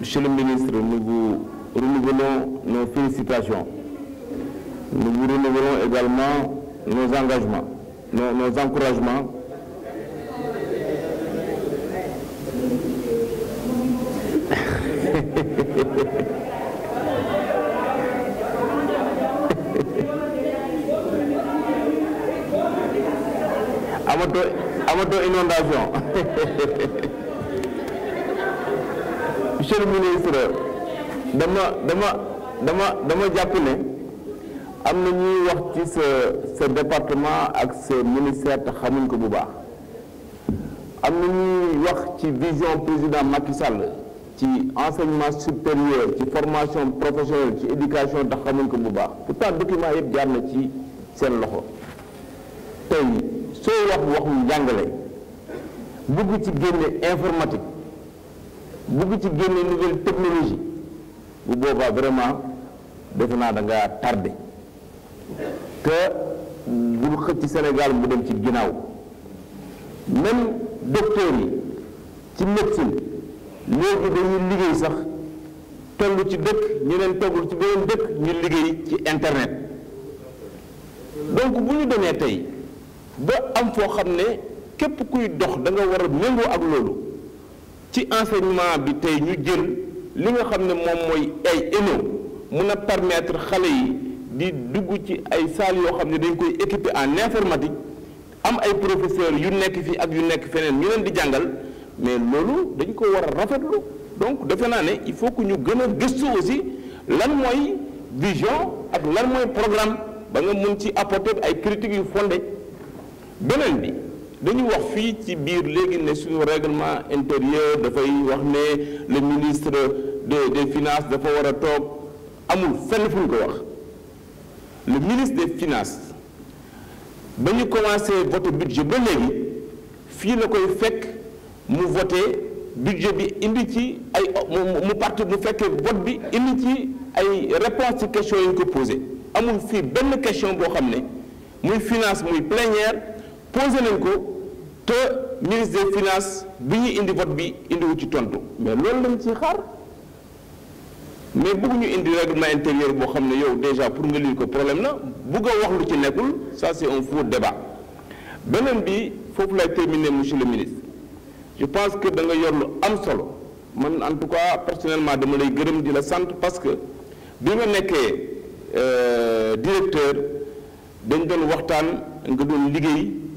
Monsieur le ministre, nous vous renouvelons nos félicitations. Nous vous renouvelons également nos engagements, nos, nos encouragements à inondation monsieur le ministre dama dama dama département ak ce ministère de ko bu vision président Macky Sall enseignement supérieur formation professionnelle éducation de ko bu document est bien. soo wax waxum jàngale bugg ci génne informatique bugg ci génne nouvelle technologie bu boobaa vraiment defe naa da nga tardé te bul xëcc Sénégal mu dem ci ginnaaw même docteur yi ci médecine léegi dañuy liggéey sax toll ci dëkk ñu leen toggul ci beneen dëkk ñu liggéey ci internet donc bu ñu demee tey ba am foo xam ne képp kuy dox da nga war a méngoo ak loolu ci enseignement bi tey ñu jël li nga xam ne moom mooy ay éno mun a permettre xale yi di dugg ci ay salles yoo xam ne dañ koy équipé en informatique am ay professeurs yu nekk fi ak yu nekk feneen ñu leen di jàngal mais loolu dañ ko war a rafetlu donc defe naa ne il faut que ñu gën a gëstu aussi lan mooy vision ak lan mooy programme ba nga mun ci apporter ay critiques yu fondé beneen bi dañu wax fii ci biir léegi ne suñu règlement intérieur dafay wax ne le ministre des des finances dafa war a toog amul fenn fu ko wax le ministre des finances ba ñu commencé voté budget ba léegi fii la koy fekk mu voter budget bi indi ci ay mu parti mu fekkee vote bi indi ci ay réponse ci question yi ko posé amul fii benn question boo xam ne muy finance muy plénière posé nañ ko te ministre des finances bi ñu indi vote bi indiwu ci tontu mais loolu lañ ci xaar mais ñu indi règlement intérieur boo xam ne yow déjà pour nga lire ko problème la bëgg a wax lu ci nekkul ça c'est un faux débat beneen bi foofu lay terminer monsieur ministre je pense que da nga yor lu am solo man en tout cas personnellement dama lay gërëm di la sant parce que bi nga nekkee euh, directeur dañ doon waxtaan nga doon liggéey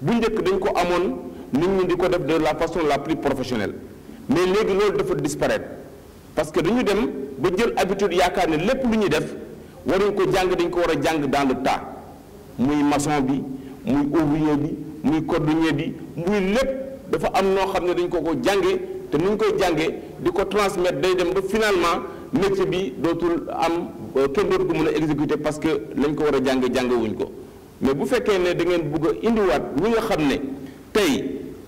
bu njëkk dañ ko amoon nit ñi di ko def de la façon la plus professionnelle mais léegi loolu dafa disparaître parce que dañu dem ba jël habitude yaakaar ne lépp lu ñuy def waruñ ko jàng dañ ko war a jàng dans le temps muy maçon bi muy ouvrier bi muy cordonnier bi muy lépp dafa am noo xam ne dañ ko ko jànge te ni ñu koy jànge di ko transmettre day dem ba finalement métier bi dootul am euh, kenn dootu ko mën a exécuter parce que lañ ko war a jànge jàngewuñ ko mais bu fekkee ne da ngeen bëgg a indiwaat ñi nga xam ne tey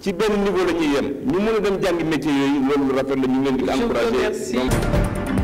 ci benn niveau la ñuy yem ñu mën a dem jàngi métier yooyu loolu lu rafet la ñu ngi leen di